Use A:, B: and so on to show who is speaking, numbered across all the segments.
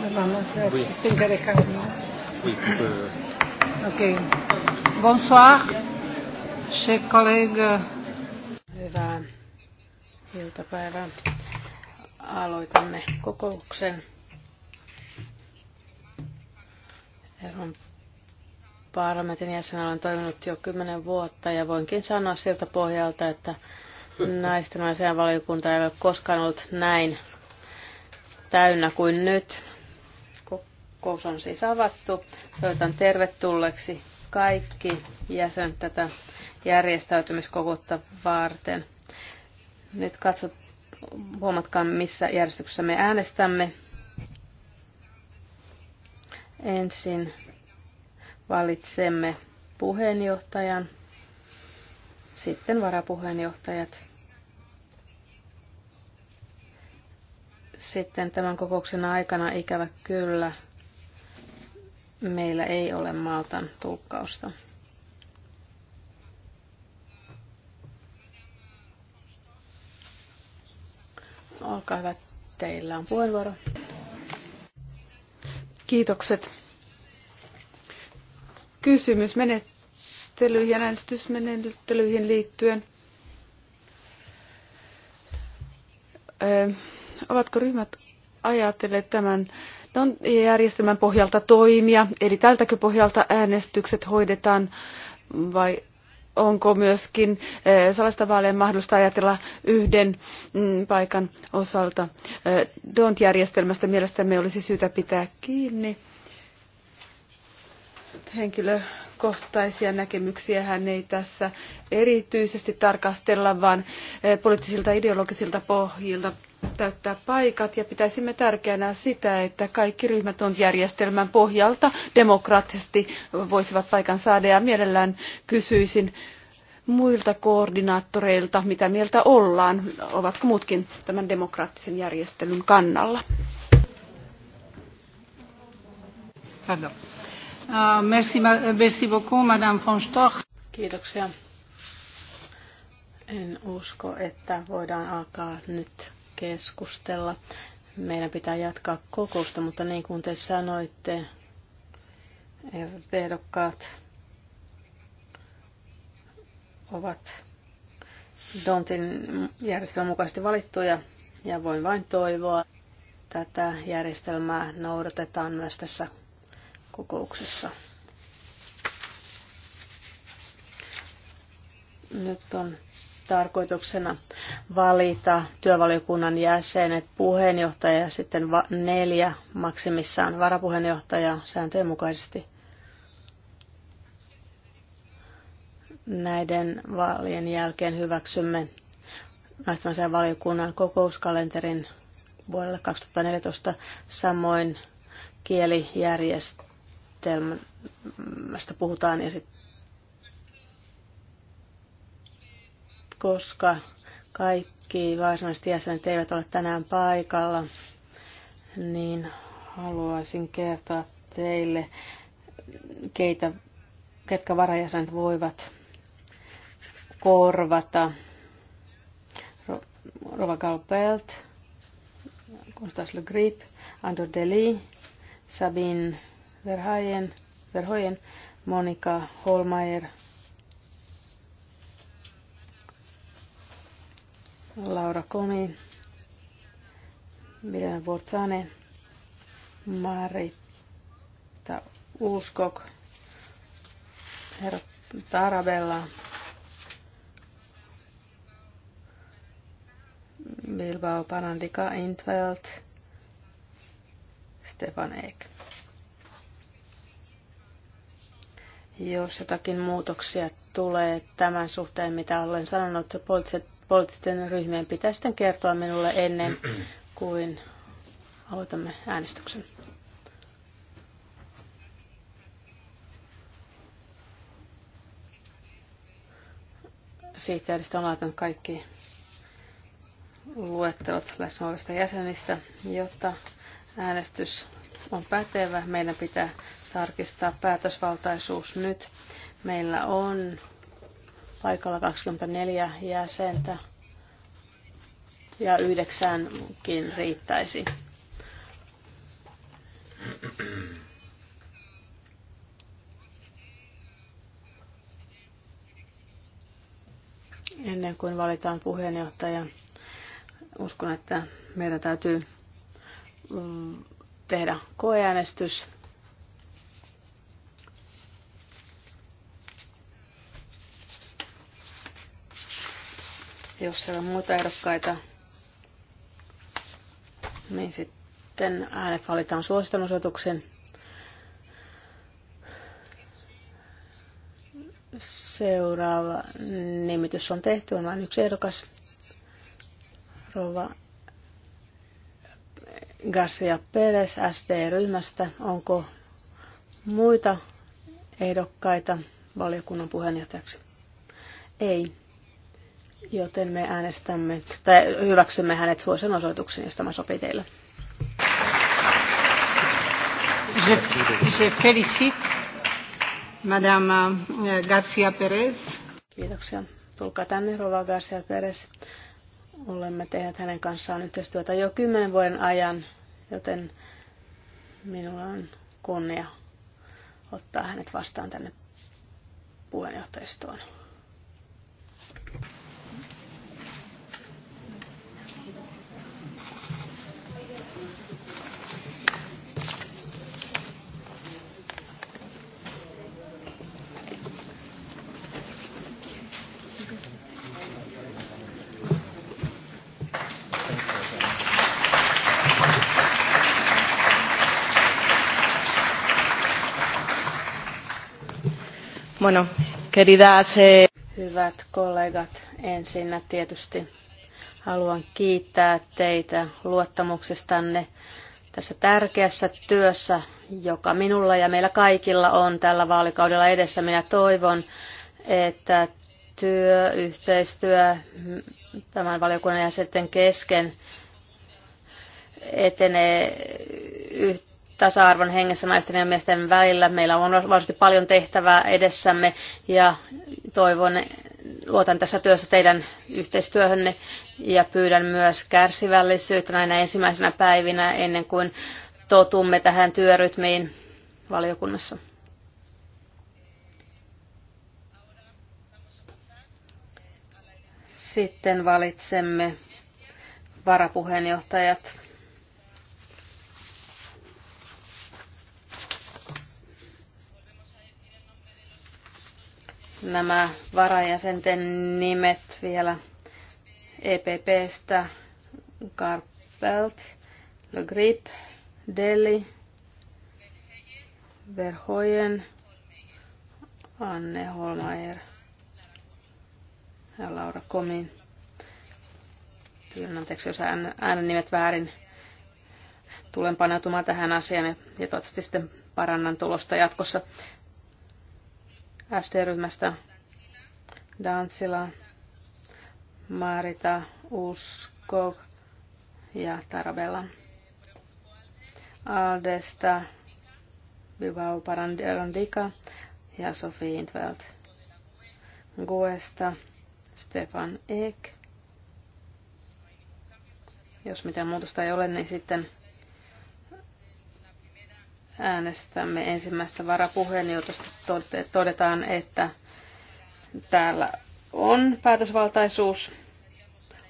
A: Maintenant, ¿no? Bonsoir, chers collègues.
B: Hyvää iltapäivää. Aloitamme kokouksen. Euroopan parlamentin jäsen olen toiminut jo kymmenen vuotta ja voinkin sanoa siltä pohjalta, että naisten asianvaliokunta ei ole koskaan ollut näin täynnä kuin nyt. Kokous on siis avattu. Toivotan tervetulleeksi kaikki jäsen tätä järjestäytymiskokoutta varten. Nyt katsot, huomatkaa missä järjestyksessä me äänestämme. Ensin valitsemme puheenjohtajan, sitten varapuheenjohtajat Sitten tämän kokouksen aikana ikävä kyllä meillä ei ole Maltan tulkkausta.
A: Olkaa hyvä, teillä on puheenvuoro. Kiitokset. Kysymys menettelyihin ja äänestysmenettelyihin liittyen. Ovatko ryhmät ajatelleet tämän järjestelmän pohjalta toimia, eli tältäkö pohjalta äänestykset hoidetaan vai onko myöskin eh, sellaista vaaleja mahdollista ajatella yhden mm, paikan osalta. Eh, DONT-järjestelmästä mielestämme olisi syytä pitää kiinni. Henkilökohtaisia näkemyksiä hän ei tässä erityisesti tarkastella, vaan eh, poliittisilta ideologisilta pohjilta täyttää paikat ja pitäisimme tärkeänä sitä, että kaikki ryhmät on järjestelmän pohjalta demokraattisesti voisivat paikan saada ja mielellään kysyisin muilta koordinaattoreilta, mitä mieltä ollaan, ovatko muutkin tämän demokraattisen järjestelyn kannalla. Uh, Madame von Storch. Kiitoksia.
B: En usko, että voidaan alkaa nyt keskustella. Meidän pitää jatkaa kokousta, mutta niin kuin te sanoitte, ehdokkaat ovat Dontin järjestelmän mukaisesti valittuja ja voin vain toivoa, tätä järjestelmää noudatetaan myös tässä kokouksessa. Nyt on tarkoituksena valita työvaliokunnan jäsenet, puheenjohtaja ja sitten neljä maksimissaan varapuheenjohtajaa sääntöjen mukaisesti. Näiden vaalien jälkeen hyväksymme naisten valiokunnan kokouskalenterin vuodelle 2014 samoin kielijärjestelmästä puhutaan ja sitten koska kaikki varsinaiset jäsenet eivät ole tänään paikalla, niin haluaisin kertoa teille, keitä, ketkä varajäsenet voivat korvata. Rova Galpelt, Konstas Le Grip, Andor Deli, Sabine Verhoyen, Verhoyen Monika Holmeier, Laura Komi, Milena Vortsane, Marita Uuskok, herra Tarabella, Bilbao Parandika Intveld, Stefan Eek. Jos jotakin muutoksia tulee tämän suhteen, mitä olen sanonut, poliittiset poliittisten ryhmien pitää sitten kertoa minulle ennen kuin aloitamme äänestyksen. Sihteeristä on laitanut kaikki luettelot läsnä jäsenistä, jotta äänestys on pätevä. Meidän pitää tarkistaa päätösvaltaisuus nyt. Meillä on paikalla 24 jäsentä ja yhdeksänkin riittäisi. Ennen kuin valitaan puheenjohtaja, uskon, että meidän täytyy mm, tehdä koeäänestys Jos siellä on muita ehdokkaita, niin sitten äänet valitaan osoituksen. Seuraava nimitys on tehty, on vain yksi ehdokas. Rova Garcia Perez SD-ryhmästä. Onko muita ehdokkaita valiokunnan puheenjohtajaksi? Ei. Joten me äänestämme, tai hyväksymme hänet suosion osoituksen, jos tämä sopii teille. Je, je félicite Madame euh, Garcia Perez. Kiitoksia. Tulkaa tänne, Rova Garcia Perez. Olemme tehneet hänen kanssaan yhteistyötä jo kymmenen vuoden ajan, joten minulla on kunnia ottaa hänet vastaan tänne puheenjohtajistoon. Bueno, queridas... Eh... Hyvät kollegat, ensinnä tietysti haluan kiittää teitä luottamuksestanne tässä tärkeässä työssä, joka minulla ja meillä kaikilla on tällä vaalikaudella edessä. Minä toivon, että työ, yhteistyö tämän valiokunnan jäsenten kesken etenee yhteistyössä tasa-arvon hengessä naisten ja miesten välillä. Meillä on varmasti paljon tehtävää edessämme ja toivon, luotan tässä työssä teidän yhteistyöhönne ja pyydän myös kärsivällisyyttä näinä ensimmäisenä päivinä ennen kuin totumme tähän työrytmiin valiokunnassa. Sitten valitsemme varapuheenjohtajat nämä varajäsenten nimet vielä EPPstä, Garpelt, Le Grip, Deli, Verhoyen, Anne Holmeier ja Laura Komin. Pyydän anteeksi, jos äänen nimet väärin. Tulen paneutumaan tähän asiaan ja toivottavasti sitten parannan tulosta jatkossa. SD-ryhmästä Dansila, Marita Uskog ja Tarabella. Aldesta Bilbao Parandika ja Sofi Intveld. Goesta Stefan Ek. Jos mitään muutosta ei ole, niin sitten äänestämme ensimmäistä varapuheenjohtajasta Todetaan, että täällä on päätösvaltaisuus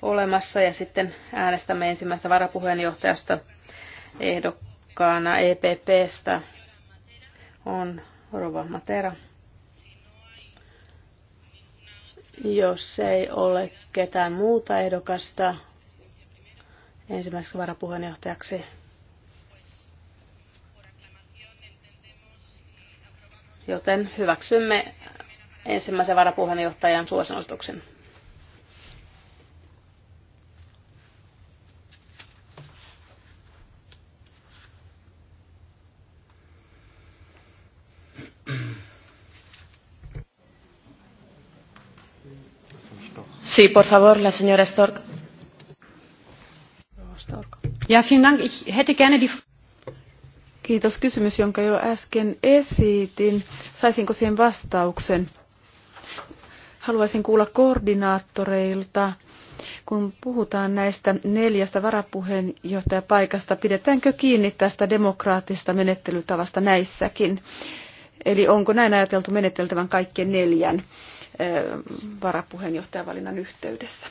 B: olemassa ja sitten äänestämme ensimmäistä varapuheenjohtajasta ehdokkaana EPPstä on Rova Matera. Jos ei ole ketään muuta ehdokasta ensimmäiseksi varapuheenjohtajaksi, joten hyväksymme ensimmäisen varapuheenjohtajan suosituksen. Sí, por favor, la señora Stork.
A: Ja, vielen Dank. Ich hätte gerne die Kiitos kysymys, jonka jo äsken esitin. Saisinko siihen vastauksen? Haluaisin kuulla koordinaattoreilta, kun puhutaan näistä neljästä varapuheenjohtajapaikasta, pidetäänkö kiinni tästä demokraattista menettelytavasta näissäkin? Eli onko näin ajateltu meneteltävän kaikkien neljän varapuheenjohtajavalinnan yhteydessä?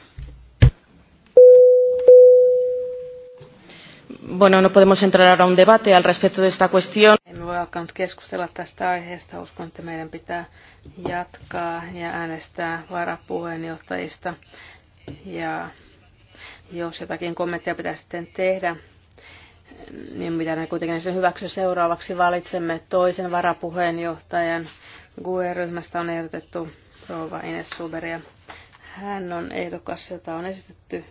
B: Bueno, no podemos entrar ahora a un debate al respecto de esta cuestión. Emme voi alkaa nyt keskustella tästä aiheesta. Uskon, että meidän pitää jatkaa ja äänestää varapuheenjohtajista. Ja jos jotakin kommenttia pitää sitten tehdä, niin mitä ne kuitenkin sen hyväksy seuraavaksi valitsemme toisen varapuheenjohtajan. GUE-ryhmästä on ehdotettu rouva Ines Suberia. Hän on ehdokas, jota on esitetty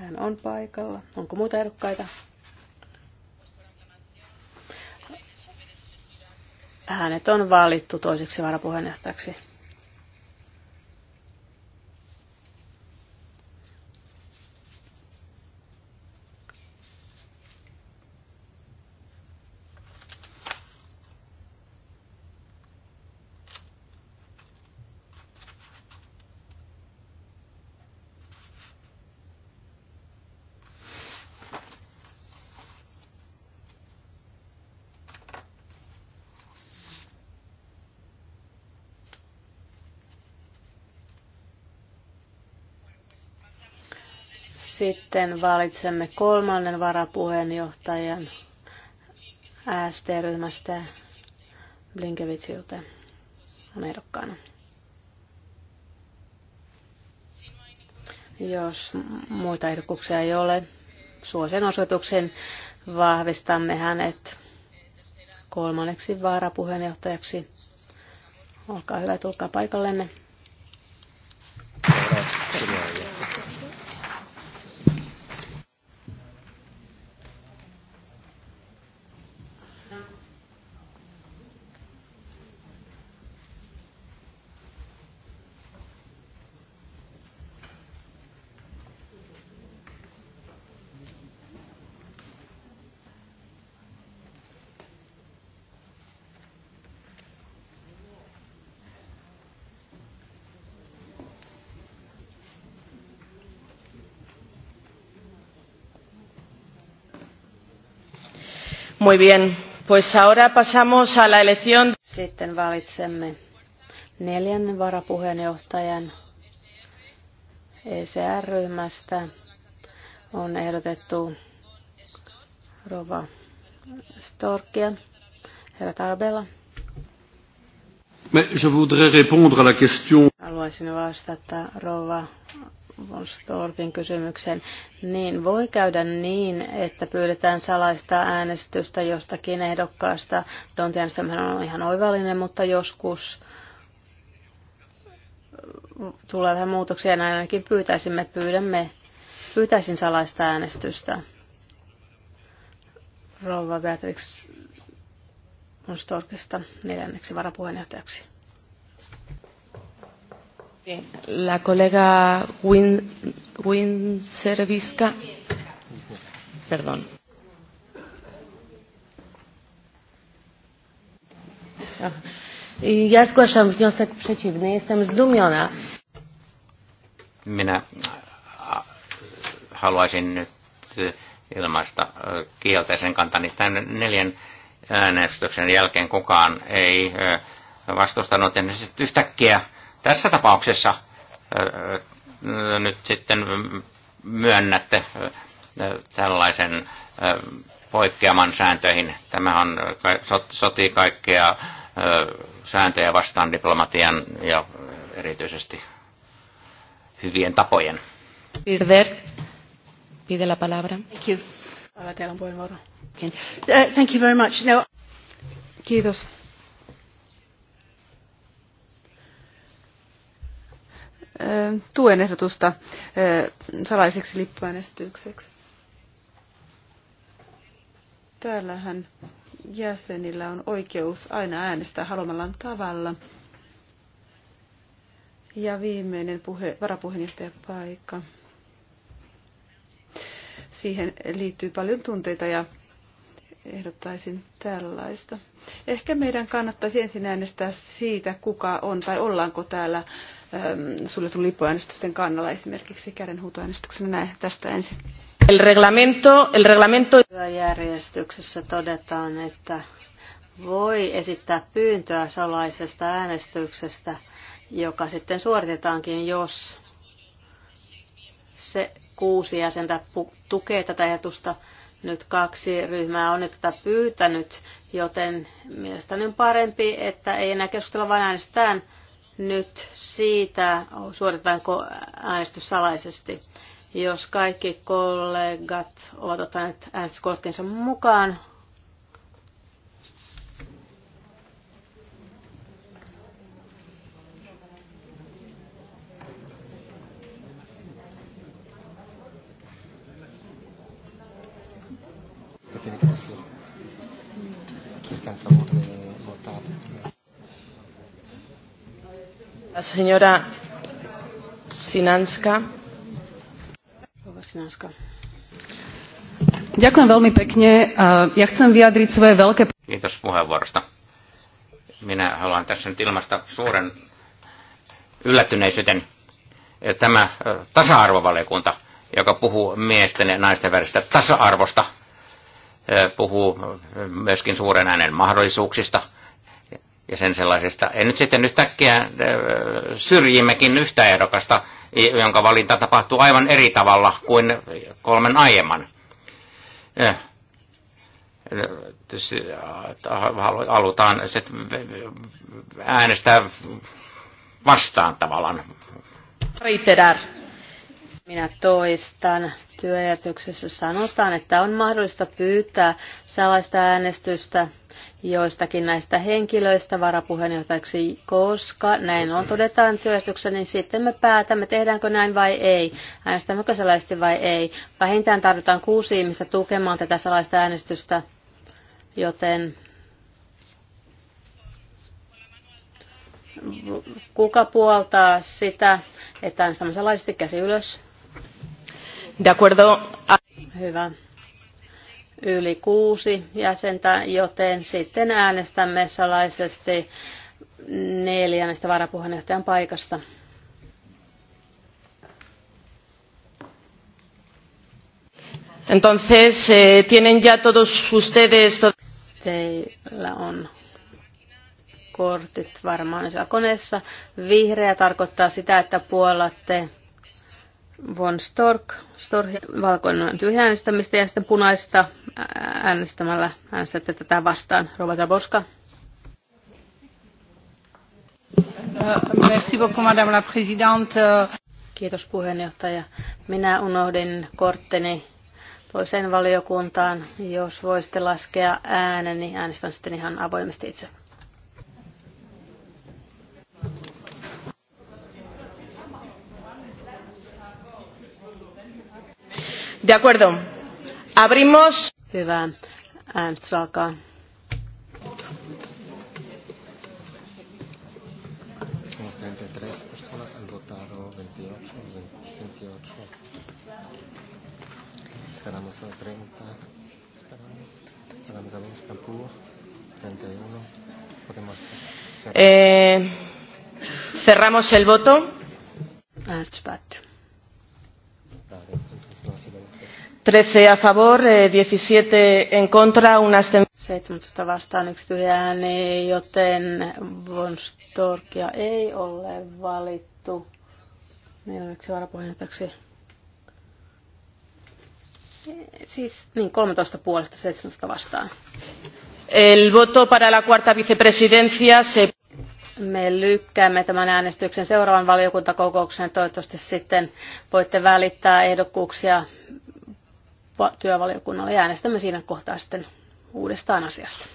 B: hän on paikalla. Onko muita ehdokkaita? Hänet on valittu toiseksi varapuheenjohtajaksi. Sitten valitsemme kolmannen varapuheenjohtajan ST-ryhmästä Blinkevitsiltä on ehdokkaana. Jos muita ehdokkuuksia ei ole, suosien osoituksen vahvistamme hänet kolmanneksi varapuheenjohtajaksi. Olkaa hyvä, tulkaa paikallenne. Muy bien, pues ahora pasamos a la elección. Sitten valitsemme neljännen varapuheenjohtajan ECR-ryhmästä. On ehdotettu Rova Storkia, herra Tarbella.
C: Mais je voudrais répondre à la question.
B: Haluaisin vastata Rova Storkin kysymyksen, niin voi käydä niin, että pyydetään salaista äänestystä jostakin ehdokkaasta. Don Tienstamhän on ihan oivallinen, mutta joskus tulee vähän muutoksia, näin ainakin pyytäisimme, pyydämme, pyytäisin salaista äänestystä. Rouva Beatrix Storkista neljänneksi varapuheenjohtajaksi. La colega Win, Win Servisca. Perdón. Ja zgłaszam wniosek przeciwny. Jestem zdumiona.
C: Minä haluaisin nyt e, ilmaista e, kielteisen kantani. Tämän neljän äänestyksen jälkeen kukaan ei e, vastustanut ja nyt yhtäkkiä tässä tapauksessa nyt sitten myönnätte tällaisen poikkeaman sääntöihin. Tämä on, sotii kaikkea sääntöjä vastaan diplomatian ja erityisesti hyvien tapojen.
B: Pirder,
A: pide la palabra. Thank you. Thank you very much. No. Kiitos. tuen ehdotusta salaiseksi lippuäänestykseksi. Täällähän jäsenillä on oikeus aina äänestää haluamallaan tavalla. Ja viimeinen puhe, paikka. Siihen liittyy paljon tunteita ja ehdottaisin tällaista. Ehkä meidän kannattaisi ensin äänestää siitä, kuka on tai ollaanko täällä Ähm, suljetun lippuäänestysten kannalla esimerkiksi kädenhuutoäänestyksenä näin tästä ensin. El reglamento, el reglamento... Järjestyksessä todetaan,
B: että voi esittää pyyntöä salaisesta äänestyksestä, joka sitten suoritetaankin, jos se kuusi jäsentä tukee tätä ajatusta. Nyt kaksi ryhmää on nyt tätä pyytänyt, joten mielestäni on parempi, että ei enää keskustella, vaan äänestetään nyt siitä, suoritetaanko äänestys salaisesti. Jos kaikki kollegat ovat ottaneet äänestyskorttinsa mukaan, Señora Sinanska.
A: Ďakujem veľmi pekne. Ja chcem vyjadriť svoje veľké...
C: Kiitos puheenvuorosta. Minä haluan tässä nyt ilmaista suuren yllättyneisyyden. Tämä tasa-arvovaliokunta, joka puhuu miesten ja naisten välistä tasa-arvosta, puhuu myöskin suuren äänen mahdollisuuksista – ja sen sellaisesta. En nyt sitten yhtäkkiä äh, syrjimmekin yhtä ehdokasta, jonka valinta tapahtuu aivan eri tavalla kuin kolmen aiemman. Äh, äh, halutaan äänestää vastaan tavallaan.
B: Riitedär. Minä toistan. Työjärjestyksessä sanotaan, että on mahdollista pyytää sellaista äänestystä, joistakin näistä henkilöistä varapuheenjohtajaksi, koska näin on todetaan työstyksessä, niin sitten me päätämme, tehdäänkö näin vai ei, äänestämmekö salaisesti vai ei. Vähintään tarvitaan kuusi ihmistä tukemaan tätä salaista äänestystä, joten kuka puoltaa sitä, että äänestämme salaisesti käsi ylös? De acuerdo. Hyvä yli kuusi jäsentä, joten sitten äänestämme salaisesti neljännestä varapuheenjohtajan paikasta. Entonces, eh, tienen ya todos ustedes... Teillä on kortit varmaan siellä koneessa. Vihreä tarkoittaa sitä, että puolatte von Stork, Stork valkoinen tyhjä ja sitten punaista äänestämällä äänestätte tätä vastaan. Rova Zaborska. Euh, merci beaucoup, madame la présidente. Kiitos puheenjohtaja. Minä unohdin kortteni toiseen valiokuntaan. Jos voisitte laskea ääneni, äänestän sitten ihan avoimesti itse. De acuerdo. Abrimos. Hyvä. Äänestys Somos
A: 33 personas han votado 28, 28. Esperamos a 30. Esperamos. Esperamos a los Campú. 31. Podemos cerrar. Eh,
B: cerramos el voto. Äänestys 13 a favor, 17 eh, en contra, una 17 vastaan yksi tyhjä ääni, joten von Storkia ei ole valittu neljänneksi varapuheenjohtajaksi. Siis niin, 13 puolesta 17 vastaan. El voto para la cuarta vicepresidencia se... Me lykkäämme tämän äänestyksen seuraavan valiokuntakokouksen. Toivottavasti sitten voitte välittää ehdokkuuksia työvaliokunnalle ja äänestämme siinä kohtaa sitten uudestaan asiasta.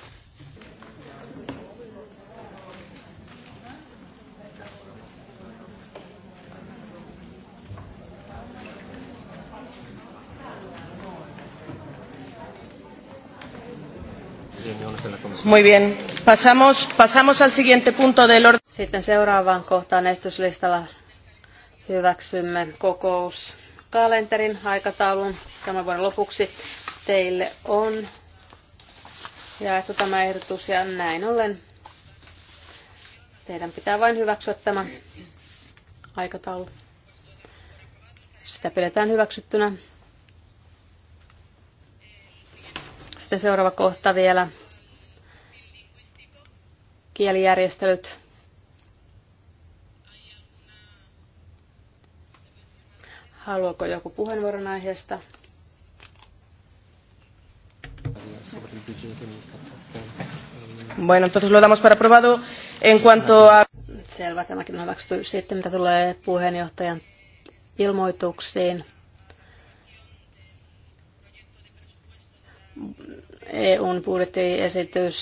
B: Muy bien. Pasamos, pasamos al siguiente punto del orden. Sitten seuraavaan kohtaan estuslistalla hyväksymme kokous kalenterin aikataulun tämän vuoden lopuksi teille on jaettu tämä ehdotus ja näin ollen teidän pitää vain hyväksyä tämä aikataulu. Sitä pidetään hyväksyttynä. Sitten seuraava kohta vielä. Kielijärjestelyt. Haluaako joku puheenvuoron aiheesta? Bueno, entonces lo damos para aprobado. En cuanto a... Selvä, tämäkin on hyväksytty. Sitten mitä tulee puheenjohtajan ilmoituksiin. EUn budjettiesitys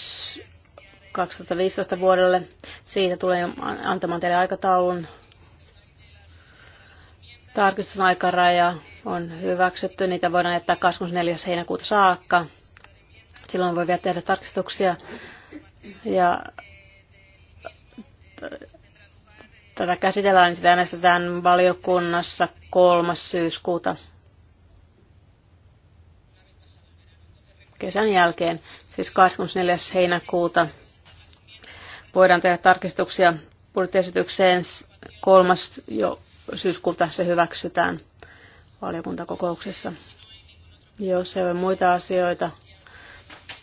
B: 2015 vuodelle. Siitä tulee antamaan teille aikataulun Tarkistuksen aikaraja on hyväksytty, niitä voidaan jättää 24. heinäkuuta saakka. Silloin voi vielä tehdä tarkistuksia ja tätä käsitellään, niin sitä äänestetään valiokunnassa 3. syyskuuta kesän jälkeen, siis 24. heinäkuuta. Voidaan tehdä tarkistuksia budjettiesitykseen 3. Jo syyskuuta se hyväksytään valiokuntakokouksessa. Jos ei ole muita asioita,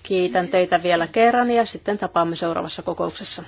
B: kiitän teitä vielä kerran ja sitten tapaamme seuraavassa kokouksessa.